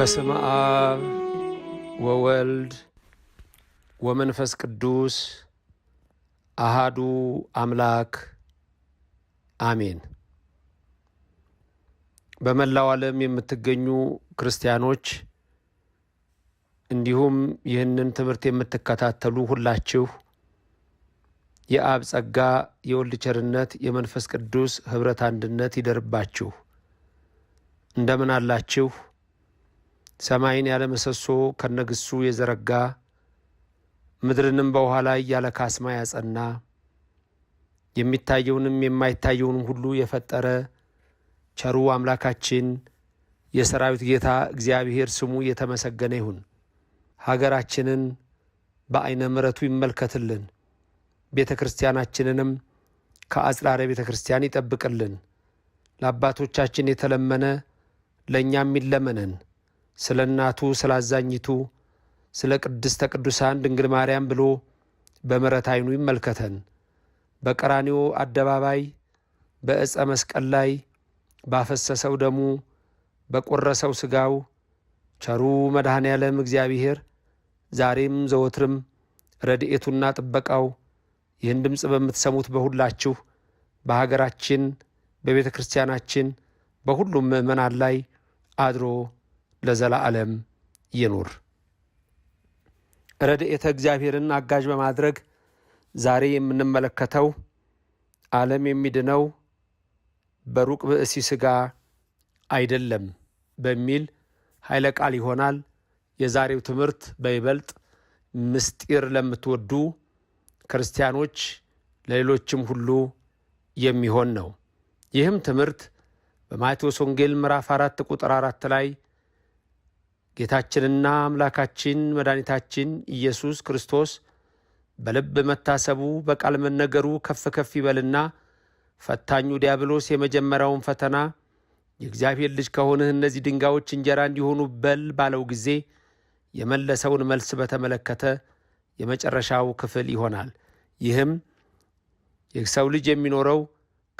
በስመ አብ ወወልድ ወመንፈስ ቅዱስ አሃዱ አምላክ አሜን። በመላው ዓለም የምትገኙ ክርስቲያኖች እንዲሁም ይህንን ትምህርት የምትከታተሉ ሁላችሁ የአብ ጸጋ የወልድ ቸርነት የመንፈስ ቅዱስ ኅብረት አንድነት ይደርባችሁ። እንደምን አላችሁ? ሰማይን ያለ ምሰሶ ከነግሱ የዘረጋ ምድርንም በውኃ ላይ ያለ ካስማ ያጸና የሚታየውንም የማይታየውንም ሁሉ የፈጠረ ቸሩ አምላካችን የሰራዊት ጌታ እግዚአብሔር ስሙ የተመሰገነ ይሁን። ሀገራችንን በአይነ ምረቱ ይመልከትልን። ቤተ ክርስቲያናችንንም ከአጽራሪ ቤተ ክርስቲያን ይጠብቅልን። ለአባቶቻችን የተለመነ ለእኛም ይለመነን። ስለ እናቱ ስለ አዛኝቱ ስለ ቅድስተ ቅዱሳን ድንግል ማርያም ብሎ በምሕረት ዓይኑ ይመልከተን። በቀራኒዮ አደባባይ በእፀ መስቀል ላይ ባፈሰሰው ደሙ በቆረሰው ሥጋው ቸሩ መድኃኔ ዓለም እግዚአብሔር ዛሬም ዘወትርም ረድኤቱና ጥበቃው ይህን ድምፅ በምትሰሙት በሁላችሁ በሀገራችን በቤተ ክርስቲያናችን በሁሉም ምእመናን ላይ አድሮ ለዘላዓለም ይኑር። ረድኤተ እግዚአብሔርን አጋዥ በማድረግ ዛሬ የምንመለከተው ዓለም የሚድነው በሩቅ ብእሲ ሥጋ አይደለም በሚል ኃይለ ቃል ይሆናል። የዛሬው ትምህርት በይበልጥ ምስጢር ለምትወዱ ክርስቲያኖች ለሌሎችም ሁሉ የሚሆን ነው። ይህም ትምህርት በማቴዎስ ወንጌል ምዕራፍ አራት ቁጥር አራት ላይ ጌታችንና አምላካችን መድኃኒታችን ኢየሱስ ክርስቶስ በልብ መታሰቡ በቃል መነገሩ ከፍ ከፍ ይበልና ፈታኙ ዲያብሎስ የመጀመሪያውን ፈተና የእግዚአብሔር ልጅ ከሆንህ እነዚህ ድንጋዮች እንጀራ እንዲሆኑ በል ባለው ጊዜ የመለሰውን መልስ በተመለከተ የመጨረሻው ክፍል ይሆናል። ይህም የሰው ልጅ የሚኖረው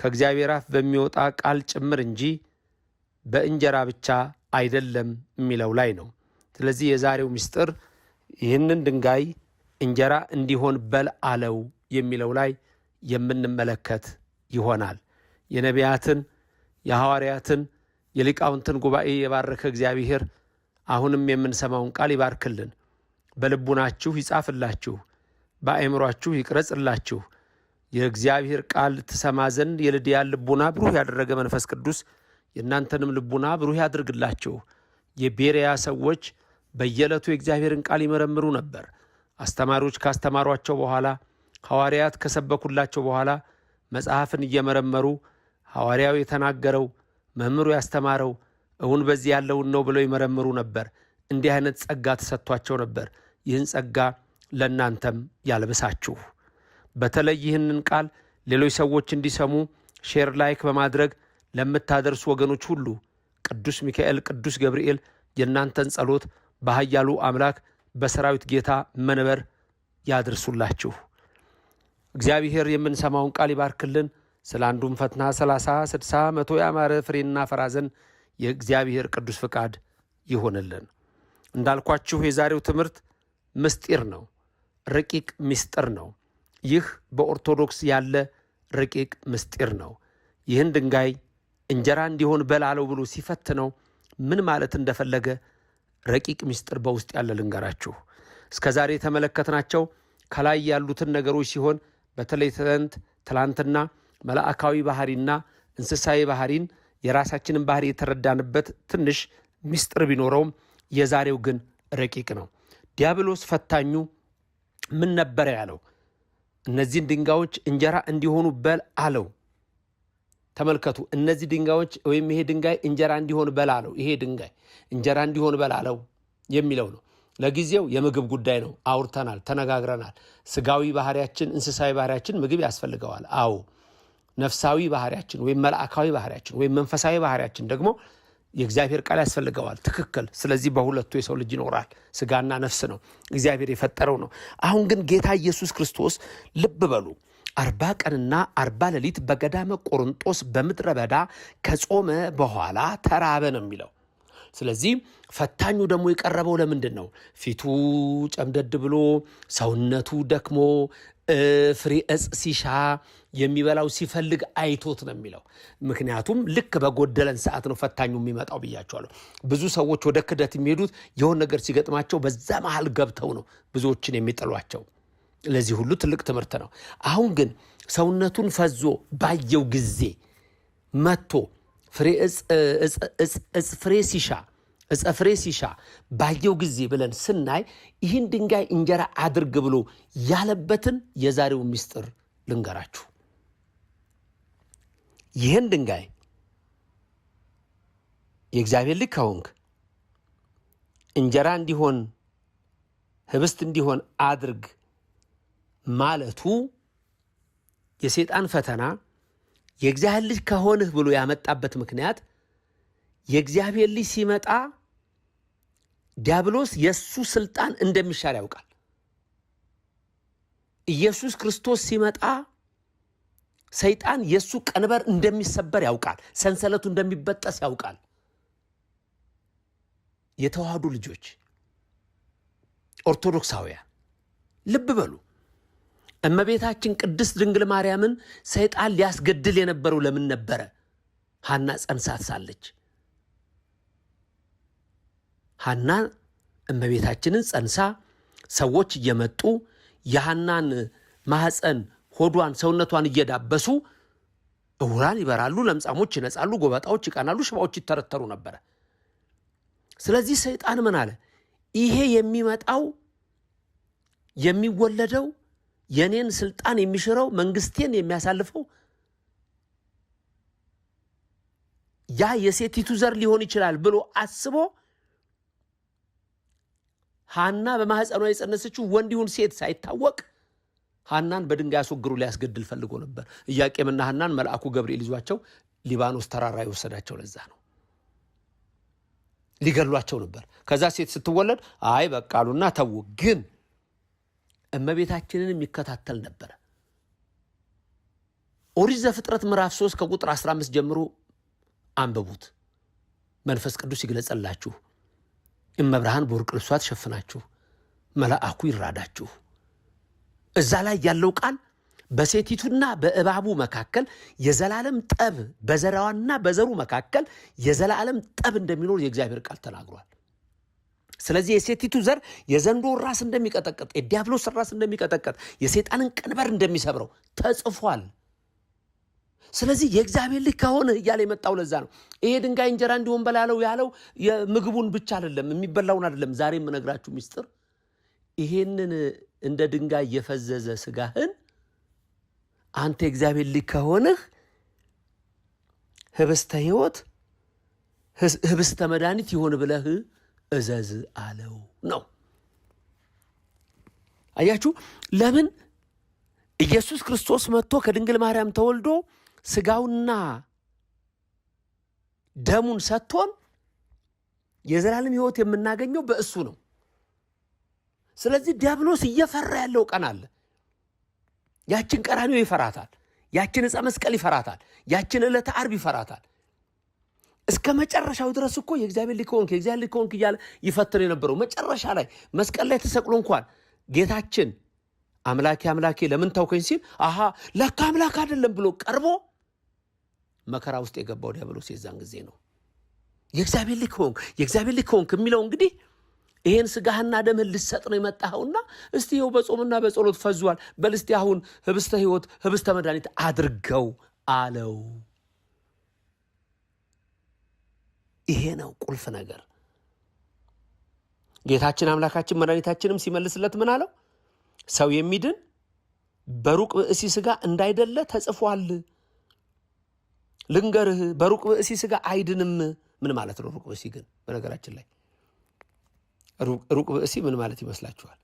ከእግዚአብሔር አፍ በሚወጣ ቃል ጭምር እንጂ በእንጀራ ብቻ አይደለም የሚለው ላይ ነው። ስለዚህ የዛሬው ምስጢር ይህንን ድንጋይ እንጀራ እንዲሆን በል አለው የሚለው ላይ የምንመለከት ይሆናል። የነቢያትን የሐዋርያትን የሊቃውንትን ጉባኤ የባረከ እግዚአብሔር አሁንም የምንሰማውን ቃል ይባርክልን፣ በልቡናችሁ ይጻፍላችሁ፣ በአእምሯችሁ ይቅረጽላችሁ። የእግዚአብሔር ቃል ትሰማ ዘንድ የልድያን ልቡና ብሩህ ያደረገ መንፈስ ቅዱስ የእናንተንም ልቡና ብሩህ ያድርግላችሁ። የቤሪያ ሰዎች በየዕለቱ የእግዚአብሔርን ቃል ይመረምሩ ነበር። አስተማሪዎች ካስተማሯቸው በኋላ ሐዋርያት ከሰበኩላቸው በኋላ መጽሐፍን እየመረመሩ ሐዋርያው የተናገረው መምህሩ ያስተማረው እውን በዚህ ያለውን ነው ብለው ይመረምሩ ነበር። እንዲህ አይነት ጸጋ ተሰጥቷቸው ነበር። ይህን ጸጋ ለእናንተም ያልብሳችሁ። በተለይ ይህንን ቃል ሌሎች ሰዎች እንዲሰሙ ሼር ላይክ በማድረግ ለምታደርሱ ወገኖች ሁሉ ቅዱስ ሚካኤል፣ ቅዱስ ገብርኤል የእናንተን ጸሎት በኃያሉ አምላክ በሰራዊት ጌታ መንበር ያድርሱላችሁ። እግዚአብሔር የምንሰማውን ቃል ይባርክልን። ስለ አንዱም ፈትና ሰላሳ ስድሳ መቶ ያማረ ፍሬና ፈራዘን የእግዚአብሔር ቅዱስ ፍቃድ ይሆንልን። እንዳልኳችሁ የዛሬው ትምህርት ምስጢር ነው፣ ረቂቅ ምስጢር ነው። ይህ በኦርቶዶክስ ያለ ረቂቅ ምስጢር ነው። ይህን ድንጋይ እንጀራ እንዲሆን በላለው ብሎ ሲፈትነው ምን ማለት እንደፈለገ ረቂቅ ምስጢር በውስጥ ያለ ልንገራችሁ። እስከ ዛሬ የተመለከትናቸው ከላይ ያሉትን ነገሮች ሲሆን በተለይ ትናንት ትላንትና መላእካዊ ባህሪና እንስሳዊ ባህሪን የራሳችንን ባህሪ የተረዳንበት ትንሽ ምስጢር ቢኖረውም የዛሬው ግን ረቂቅ ነው። ዲያብሎስ ፈታኙ ምን ነበረ ያለው? እነዚህን ድንጋዮች እንጀራ እንዲሆኑ በል አለው። ተመልከቱ። እነዚህ ድንጋዮች ወይም ይሄ ድንጋይ እንጀራ እንዲሆን በላለው፣ ይሄ ድንጋይ እንጀራ እንዲሆን በላለው የሚለው ነው። ለጊዜው የምግብ ጉዳይ ነው። አውርተናል፣ ተነጋግረናል። ስጋዊ ባህሪያችን፣ እንስሳዊ ባህሪያችን ምግብ ያስፈልገዋል። አዎ ነፍሳዊ ባህሪያችን ወይም መልአካዊ ባህሪያችን ወይም መንፈሳዊ ባህሪያችን ደግሞ የእግዚአብሔር ቃል ያስፈልገዋል። ትክክል። ስለዚህ በሁለቱ የሰው ልጅ ይኖራል። ስጋና ነፍስ ነው፣ እግዚአብሔር የፈጠረው ነው። አሁን ግን ጌታ ኢየሱስ ክርስቶስ ልብ በሉ አርባ ቀንና አርባ ሌሊት በገዳመ ቆርንጦስ በምድረ በዳ ከጾመ በኋላ ተራበ ነው የሚለው። ስለዚህ ፈታኙ ደግሞ የቀረበው ለምንድን ነው? ፊቱ ጨምደድ ብሎ ሰውነቱ ደክሞ ፍሬ ሲሻ የሚበላው ሲፈልግ አይቶት ነው የሚለው። ምክንያቱም ልክ በጎደለን ሰዓት ነው ፈታኙ የሚመጣው ብያቸዋለሁ። ብዙ ሰዎች ወደ ክደት የሚሄዱት የሆን ነገር ሲገጥማቸው በዛ መሃል ገብተው ነው ብዙዎችን የሚጥሏቸው። ለዚህ ሁሉ ትልቅ ትምህርት ነው። አሁን ግን ሰውነቱን ፈዞ ባየው ጊዜ መጥቶ ፍሬ ሲሻ እጸ ፍሬ ሲሻ ባየው ጊዜ ብለን ስናይ ይህን ድንጋይ እንጀራ አድርግ ብሎ ያለበትን የዛሬው ምስጢር ልንገራችሁ። ይህን ድንጋይ የእግዚአብሔር ልጅ ከሆንክ እንጀራ እንዲሆን ህብስት እንዲሆን አድርግ ማለቱ የሴጣን ፈተና የእግዚአብሔር ልጅ ከሆንህ ብሎ ያመጣበት ምክንያት የእግዚአብሔር ልጅ ሲመጣ ዲያብሎስ የእሱ ስልጣን እንደሚሻር ያውቃል። ኢየሱስ ክርስቶስ ሲመጣ ሰይጣን የእሱ ቀንበር እንደሚሰበር ያውቃል። ሰንሰለቱ እንደሚበጠስ ያውቃል። የተዋህዱ ልጆች ኦርቶዶክሳውያን ልብ በሉ። እመቤታችን ቅድስት ድንግል ማርያምን ሰይጣን ሊያስገድል የነበረው ለምን ነበረ? ሐና ጸንሳት ሳለች ሐና እመቤታችንን ጸንሳ ሰዎች እየመጡ የሐናን ማህፀን ሆዷን ሰውነቷን እየዳበሱ እውራን ይበራሉ፣ ለምጻሞች ይነጻሉ፣ ጎበጣዎች ይቀናሉ፣ ሽባዎች ይተረተሩ ነበረ። ስለዚህ ሰይጣን ምን አለ? ይሄ የሚመጣው የሚወለደው የኔን ስልጣን የሚሽረው መንግስቴን የሚያሳልፈው ያ የሴቲቱ ዘር ሊሆን ይችላል ብሎ አስቦ ሀና በማህፀኗ የጸነሰችው ወንድ ይሁን ሴት ሳይታወቅ ሀናን በድንጋይ አስወግሩ ሊያስገድል ፈልጎ ነበር። ኢያቄምና ሀናን መልአኩ ገብርኤል ይዟቸው ሊባኖስ ተራራ የወሰዳቸው ለዛ ነው። ሊገሏቸው ነበር። ከዛ ሴት ስትወለድ አይ በቃሉና ተዉ ግን እመቤታችንን የሚከታተል ነበረ። ኦሪት ዘፍጥረት ምዕራፍ 3 ከቁጥር 15 ጀምሮ አንብቡት። መንፈስ ቅዱስ ይግለጸላችሁ። እመብርሃን በወርቅ ልብሷ ትሸፍናችሁ፣ መልአኩ ይራዳችሁ። እዛ ላይ ያለው ቃል በሴቲቱና በእባቡ መካከል የዘላለም ጠብ፣ በዘራዋና በዘሩ መካከል የዘላለም ጠብ እንደሚኖር የእግዚአብሔር ቃል ተናግሯል። ስለዚህ የሴቲቱ ዘር የዘንዶ ራስ እንደሚቀጠቀጥ፣ የዲያብሎስ ራስ እንደሚቀጠቀጥ፣ የሰይጣንን ቀንበር እንደሚሰብረው ተጽፏል። ስለዚህ የእግዚአብሔር ልጅ ከሆነ እያለ የመጣው ለዛ ነው። ይሄ ድንጋይ እንጀራ እንዲሆን በላለው ያለው የምግቡን ብቻ አይደለም፣ የሚበላውን አይደለም። ዛሬ የምነግራችሁ ሚስጥር ይሄንን እንደ ድንጋይ የፈዘዘ ስጋህን አንተ የእግዚአብሔር ልጅ ከሆንህ ህብስተ ህይወት ህብስተ መድኃኒት ይሆን ብለህ እዘዝ አለው ነው። አያችሁ ለምን ኢየሱስ ክርስቶስ መጥቶ ከድንግል ማርያም ተወልዶ ስጋውና ደሙን ሰጥቶን የዘላለም ሕይወት የምናገኘው በእሱ ነው። ስለዚህ ዲያብሎስ እየፈራ ያለው ቀን አለ። ያችን ቀራኒው ይፈራታል። ያችን ዕፀ መስቀል ይፈራታል። ያችን ዕለተ አርብ ይፈራታል። እስከ መጨረሻው ድረስ እኮ የእግዚአብሔር ልጅ ከሆንክ የእግዚአብሔር ልጅ ከሆንክ እያለ ይፈትን የነበረው መጨረሻ ላይ መስቀል ላይ ተሰቅሎ እንኳን ጌታችን አምላኬ አምላኬ ለምን ታውከኝ ሲል አሀ ለካ አምላክ አይደለም ብሎ ቀርቦ መከራ ውስጥ የገባው ዲያብሎስ የዛን ጊዜ ነው። የእግዚአብሔር ልጅ ከሆንክ የእግዚአብሔር ልጅ ከሆንክ የሚለው እንግዲህ ይህን ስጋህና ደምህን ልሰጥ ነው የመጣኸውና እስቲ ይኸው በጾምና በጸሎት ፈዟል። በልስቲ አሁን ህብስተ ህይወት ህብስተ መድኃኒት አድርገው አለው። ይሄ ነው ቁልፍ ነገር። ጌታችን አምላካችን መድኃኒታችንም ሲመልስለት ምን አለው? ሰው የሚድን በሩቅ ብእሲ ስጋ እንዳይደለ ተጽፏል። ልንገርህ፣ በሩቅ ብእሲ ስጋ አይድንም። ምን ማለት ነው ሩቅ ብእሲ? ግን በነገራችን ላይ ሩቅ ብእሲ ምን ማለት ይመስላችኋል?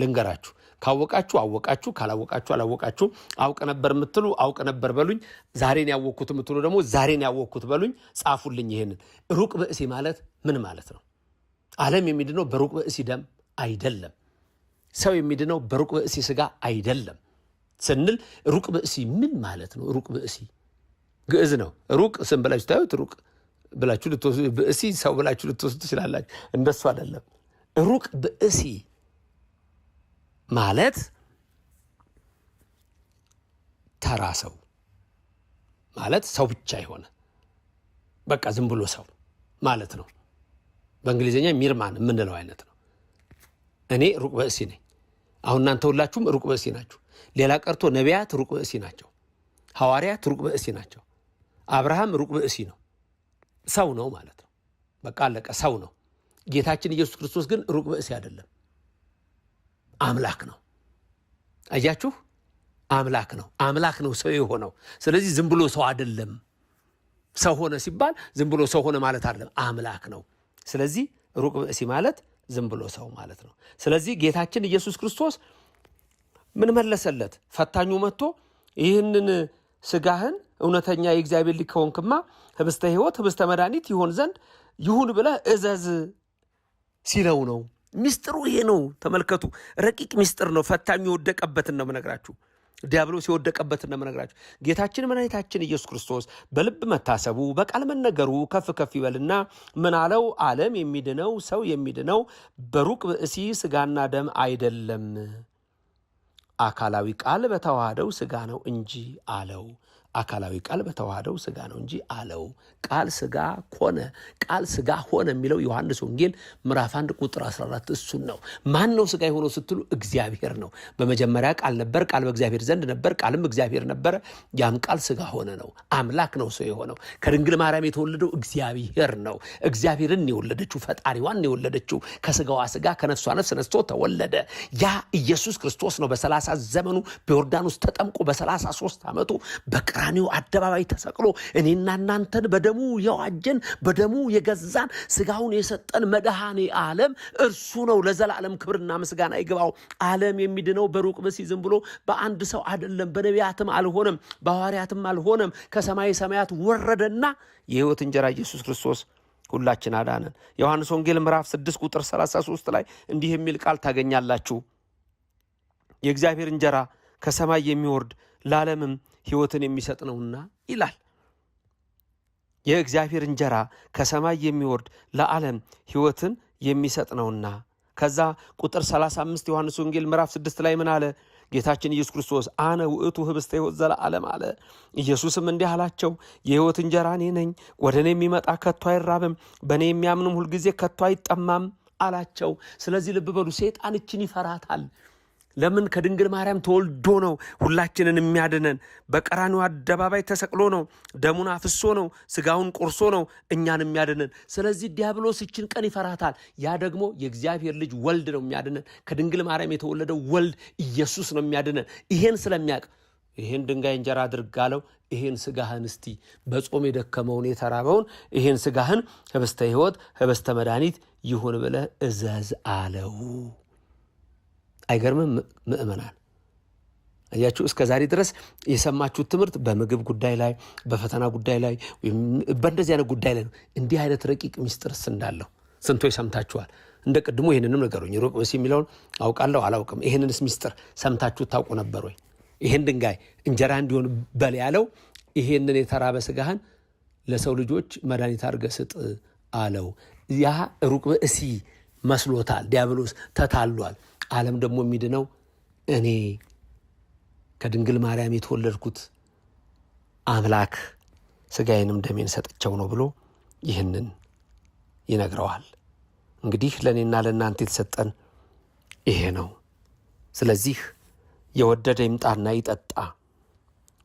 ልንገራችሁ። ካወቃችሁ አወቃችሁ፣ ካላወቃችሁ አላወቃችሁ። አውቅ ነበር የምትሉ አውቅ ነበር በሉኝ። ዛሬን ያወቅኩት የምትሉ ደግሞ ዛሬን ያወቅኩት በሉኝ። ጻፉልኝ። ይሄንን ሩቅ ብእሲ ማለት ምን ማለት ነው? ዓለም የሚድነው በሩቅ ብእሲ ደም አይደለም። ሰው የሚድነው በሩቅ ብእሲ ስጋ አይደለም ስንል ሩቅ ብእሲ ምን ማለት ነው? ሩቅ ብእሲ ግዕዝ ነው። ሩቅ ስም ብላችሁ ታዩት፣ ሩቅ ብላችሁ ብእሲ ሰው ብላችሁ ልትወስዱ ትችላላችሁ። እንደሱ አይደለም ሩቅ ብእሲ ማለት ተራ ሰው ማለት ሰው ብቻ የሆነ በቃ ዝም ብሎ ሰው ማለት ነው። በእንግሊዝኛ ሚርማን የምንለው አይነት ነው። እኔ ሩቅ በእሲ ነኝ። አሁን እናንተ ሁላችሁም ሩቅ በእሲ ናችሁ። ሌላ ቀርቶ ነቢያት ሩቅ በእሲ ናቸው። ሐዋርያት ሩቅ በእሲ ናቸው። አብርሃም ሩቅ በእሲ ነው። ሰው ነው ማለት ነው። በቃ አለቀ። ሰው ነው። ጌታችን ኢየሱስ ክርስቶስ ግን ሩቅ በእሲ አይደለም። አምላክ ነው። አያችሁ፣ አምላክ ነው። አምላክ ነው ሰው የሆነው። ስለዚህ ዝም ብሎ ሰው አይደለም። ሰው ሆነ ሲባል ዝም ብሎ ሰው ሆነ ማለት አይደለም፣ አምላክ ነው። ስለዚህ ሩቅ ብእሲ ማለት ዝም ብሎ ሰው ማለት ነው። ስለዚህ ጌታችን ኢየሱስ ክርስቶስ ምን መለሰለት? ፈታኙ መጥቶ ይህንን ስጋህን እውነተኛ የእግዚአብሔር ልጅ ከሆንክማ ህብስተ ህይወት ህብስተ መድኃኒት ይሆን ዘንድ ይሁን ብለህ እዘዝ ሲለው ነው። ሚስጥሩ ይሄ ነው። ተመልከቱ፣ ረቂቅ ሚስጥር ነው። ፈታኙ የወደቀበትን ነው የምነግራችሁ። ዲያብሎስ የወደቀበትን ነው የምነግራችሁ። ጌታችን መድኃኒታችን ኢየሱስ ክርስቶስ በልብ መታሰቡ በቃል መነገሩ ከፍ ከፍ ይበልና ምን አለው? ዓለም የሚድነው ሰው የሚድነው በሩቅ ብእሲ ስጋና ደም አይደለም፣ አካላዊ ቃል በተዋህደው ስጋ ነው እንጂ አለው። አካላዊ ቃል በተዋህደው ስጋ ነው እንጂ አለው። ቃል ስጋ ሆነ፣ ቃል ስጋ ሆነ የሚለው ዮሐንስ ወንጌል ምዕራፍ 1 ቁጥር 14 እሱን ነው። ማን ነው ስጋ የሆነው ስትሉ እግዚአብሔር ነው። በመጀመሪያ ቃል ነበር፣ ቃል በእግዚአብሔር ዘንድ ነበር፣ ቃልም እግዚአብሔር ነበረ። ያም ቃል ስጋ ሆነ ነው። አምላክ ነው ሰው የሆነው። ከድንግል ማርያም የተወለደው እግዚአብሔር ነው። እግዚአብሔርን የወለደችው ፈጣሪዋን የወለደችው ከስጋዋ ስጋ ከነፍሷ ነፍስ ነስቶ ተወለደ። ያ ኢየሱስ ክርስቶስ ነው። በሰላሳ ዘመኑ በዮርዳኖስ ተጠምቆ በሰላሳ ሶስት ዓመቱ በቅራ በቀራኒው አደባባይ ተሰቅሎ እኔና እናንተን በደሙ የዋጀን በደሙ የገዛን ስጋውን የሰጠን መድኃኔ ዓለም እርሱ ነው። ለዘላለም ክብርና ምስጋና ይግባው። ዓለም የሚድነው በሩቅ ብእሲ ዝም ብሎ በአንድ ሰው አይደለም። በነቢያትም አልሆነም፣ በሐዋርያትም አልሆነም። ከሰማይ ሰማያት ወረደና የህይወት እንጀራ ኢየሱስ ክርስቶስ ሁላችን አዳነን። ዮሐንስ ወንጌል ምዕራፍ 6 ቁጥር 33 ላይ እንዲህ የሚል ቃል ታገኛላችሁ። የእግዚአብሔር እንጀራ ከሰማይ የሚወርድ ለዓለምም ሕይወትን የሚሰጥ ነውና ይላል። የእግዚአብሔር እንጀራ ከሰማይ የሚወርድ ለዓለም ሕይወትን የሚሰጥ ነውና። ከዛ ቁጥር 35 ዮሐንስ ወንጌል ምዕራፍ 6 ላይ ምን አለ? ጌታችን ኢየሱስ ክርስቶስ አነ ውእቱ ህብስተ ሕይወት ዘለዓለም አለ። ኢየሱስም እንዲህ አላቸው፣ የሕይወት እንጀራ እኔ ነኝ፣ ወደ እኔ የሚመጣ ከቶ አይራብም፣ በእኔ የሚያምንም ሁልጊዜ ከቶ አይጠማም አላቸው። ስለዚህ ልብ በሉ፣ ሰይጣን እችን ይፈራታል። ለምን ከድንግል ማርያም ተወልዶ ነው ሁላችንን የሚያድነን። በቀራኒው አደባባይ ተሰቅሎ ነው፣ ደሙን አፍሶ ነው፣ ስጋውን ቆርሶ ነው እኛን የሚያድነን። ስለዚህ ዲያብሎስ ይችን ቀን ይፈራታል። ያ ደግሞ የእግዚአብሔር ልጅ ወልድ ነው የሚያድነን። ከድንግል ማርያም የተወለደው ወልድ ኢየሱስ ነው የሚያድነን። ይሄን ስለሚያውቅ ይሄን ድንጋይ እንጀራ አድርግ አለው። ይህን ስጋህን እስቲ በጾም የደከመውን የተራበውን ይሄን ስጋህን ህብስተ ህይወት ህብስተ መድኃኒት ይሁን ብለህ እዘዝ አለው። አይገርምም? ምእመናን እያችሁ እስከ ዛሬ ድረስ የሰማችሁት ትምህርት በምግብ ጉዳይ ላይ፣ በፈተና ጉዳይ ላይ፣ በእንደዚህ አይነት ጉዳይ ላይ ነው። እንዲህ አይነት ረቂቅ ሚስጥርስ እንዳለው ስንቶ ሰምታችኋል? እንደ ቅድሞ ይህንንም ነገሩኝ። ሩቅ የሚለውን አውቃለሁ አላውቅም፣ ይህንንስ ሚስጥር ሰምታችሁት ታውቁ ነበር ወይ? ይህን ድንጋይ እንጀራ እንዲሆን በል ያለው ይሄንን የተራበ ስጋህን ለሰው ልጆች መድኃኒት አድርገህ ስጥ አለው። ያ ሩቅ ብእሲ መስሎታል። ዲያብሎስ ተታሏል። ዓለም ደግሞ የሚድነው እኔ ከድንግል ማርያም የተወለድኩት አምላክ ሥጋዬንም ደሜን ሰጥቸው ነው ብሎ ይህንን ይነግረዋል። እንግዲህ ለእኔና ለእናንተ የተሰጠን ይሄ ነው። ስለዚህ የወደደ ይምጣና ይጠጣ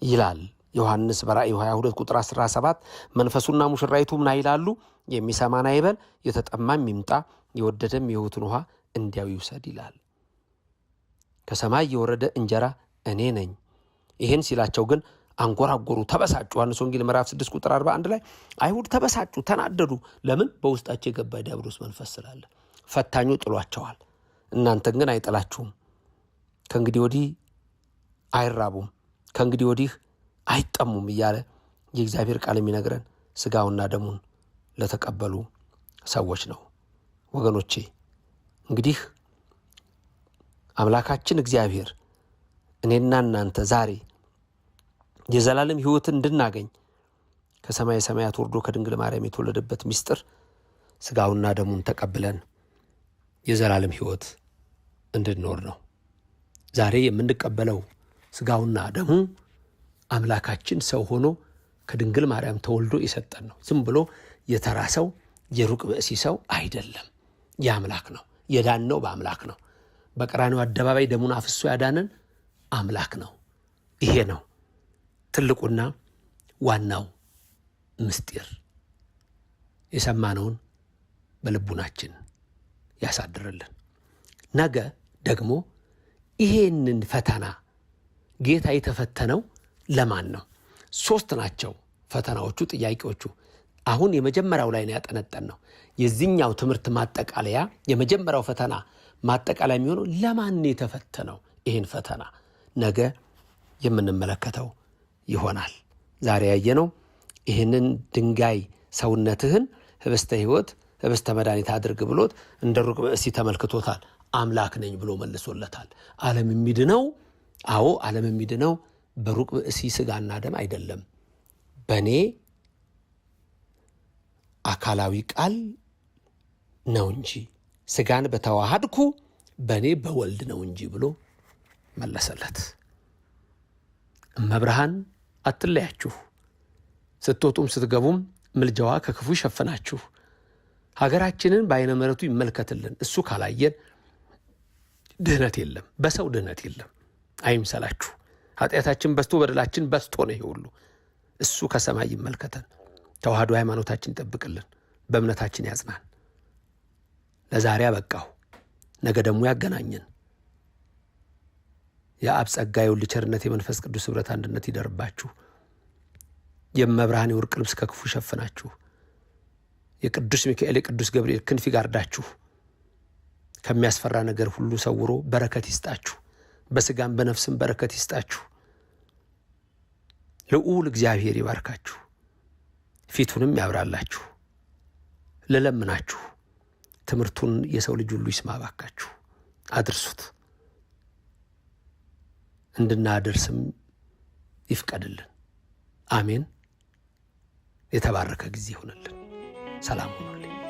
ይላል ዮሐንስ በራእይ 22 ቁጥር 17 መንፈሱና ሙሽራይቱ ምና ይላሉ? የሚሰማን አይበል፣ የተጠማም ይምጣ፣ የወደደም የሕይወትን ውሃ እንዲያው ይውሰድ ይላል። ከሰማይ የወረደ እንጀራ እኔ ነኝ። ይህን ሲላቸው ግን አንጎራጎሩ፣ ተበሳጩ። ዮሐንስ ወንጌል ምዕራፍ 6 ቁጥር 41 ላይ አይሁድ ተበሳጩ፣ ተናደዱ። ለምን? በውስጣቸው የገባ ዲያብሎስ መንፈስ ስላለ። ፈታኙ ጥሏቸዋል፣ እናንተን ግን አይጥላችሁም። ከእንግዲህ ወዲህ አይራቡም፣ ከእንግዲህ ወዲህ አይጠሙም እያለ የእግዚአብሔር ቃል የሚነግረን ስጋውና ደሙን ለተቀበሉ ሰዎች ነው። ወገኖቼ እንግዲህ አምላካችን እግዚአብሔር እኔና እናንተ ዛሬ የዘላለም ሕይወትን እንድናገኝ ከሰማይ ሰማያት ወርዶ ከድንግል ማርያም የተወለደበት ምስጢር ስጋውና ደሙን ተቀብለን የዘላለም ሕይወት እንድንኖር ነው። ዛሬ የምንቀበለው ስጋውና ደሙ አምላካችን ሰው ሆኖ ከድንግል ማርያም ተወልዶ የሰጠን ነው። ዝም ብሎ የተራ ሰው የሩቅ ብእሲ ሰው አይደለም። የአምላክ ነው። ነው በአምላክ ነው። በቀራኒው አደባባይ ደሙን አፍሶ ያዳነን አምላክ ነው። ይሄ ነው ትልቁና ዋናው ምስጢር። የሰማነውን በልቡናችን ያሳድርልን። ነገ ደግሞ ይሄንን ፈተና ጌታ የተፈተነው ለማን ነው? ሶስት ናቸው ፈተናዎቹ፣ ጥያቄዎቹ። አሁን የመጀመሪያው ላይ ነው ያጠነጠን ነው የዚህኛው ትምህርት ማጠቃለያ የመጀመሪያው ፈተና ማጠቃላይ የሚሆነው ለማን የተፈተነው ይህን ፈተና ነገ የምንመለከተው ይሆናል። ዛሬ ያየነው ይህንን ድንጋይ ሰውነትህን ህብስተ ህይወት ህብስተ መድኃኒት አድርግ ብሎት እንደ ሩቅ ብእሲ ተመልክቶታል። አምላክ ነኝ ብሎ መልሶለታል። ዓለም የሚድነው አዎ፣ ዓለም የሚድነው በሩቅ ብእሲ ስጋና ደም አይደለም፣ በእኔ አካላዊ ቃል ነው እንጂ ስጋን በተዋሃድኩ በእኔ በወልድ ነው እንጂ ብሎ መለሰለት። እመብርሃን አትለያችሁ፣ ስትወጡም ስትገቡም ምልጃዋ ከክፉ ይሸፍናችሁ። ሀገራችንን በአይነ ምሕረቱ ይመልከትልን። እሱ ካላየን ድህነት የለም፣ በሰው ድህነት የለም። አይምሰላችሁ፣ ኃጢአታችን በዝቶ በደላችን በዝቶ ነው ይሄ ሁሉ። እሱ ከሰማይ ይመልከተን። ተዋህዶ ሃይማኖታችን ይጠብቅልን፣ በእምነታችን ያጽናን። ለዛሬ አበቃሁ። ነገ ደግሞ ያገናኘን። የአብ ጸጋ የወልድ ቸርነት የመንፈስ ቅዱስ ኅብረት አንድነት ይደርባችሁ። የመብርሃን የወርቅ ልብስ ከክፉ ሸፍናችሁ የቅዱስ ሚካኤል የቅዱስ ገብርኤል ክንፍ ይጋርዳችሁ። ከሚያስፈራ ነገር ሁሉ ሰውሮ በረከት ይስጣችሁ። በስጋም በነፍስም በረከት ይስጣችሁ። ልዑል እግዚአብሔር ይባርካችሁ፣ ፊቱንም ያብራላችሁ። ልለምናችሁ ትምህርቱን የሰው ልጅ ሁሉ ይስማ። ባካችሁ አድርሱት፣ እንድናደርስም ይፍቀድልን። አሜን። የተባረከ ጊዜ ይሆንልን። ሰላም ሆኖልኝ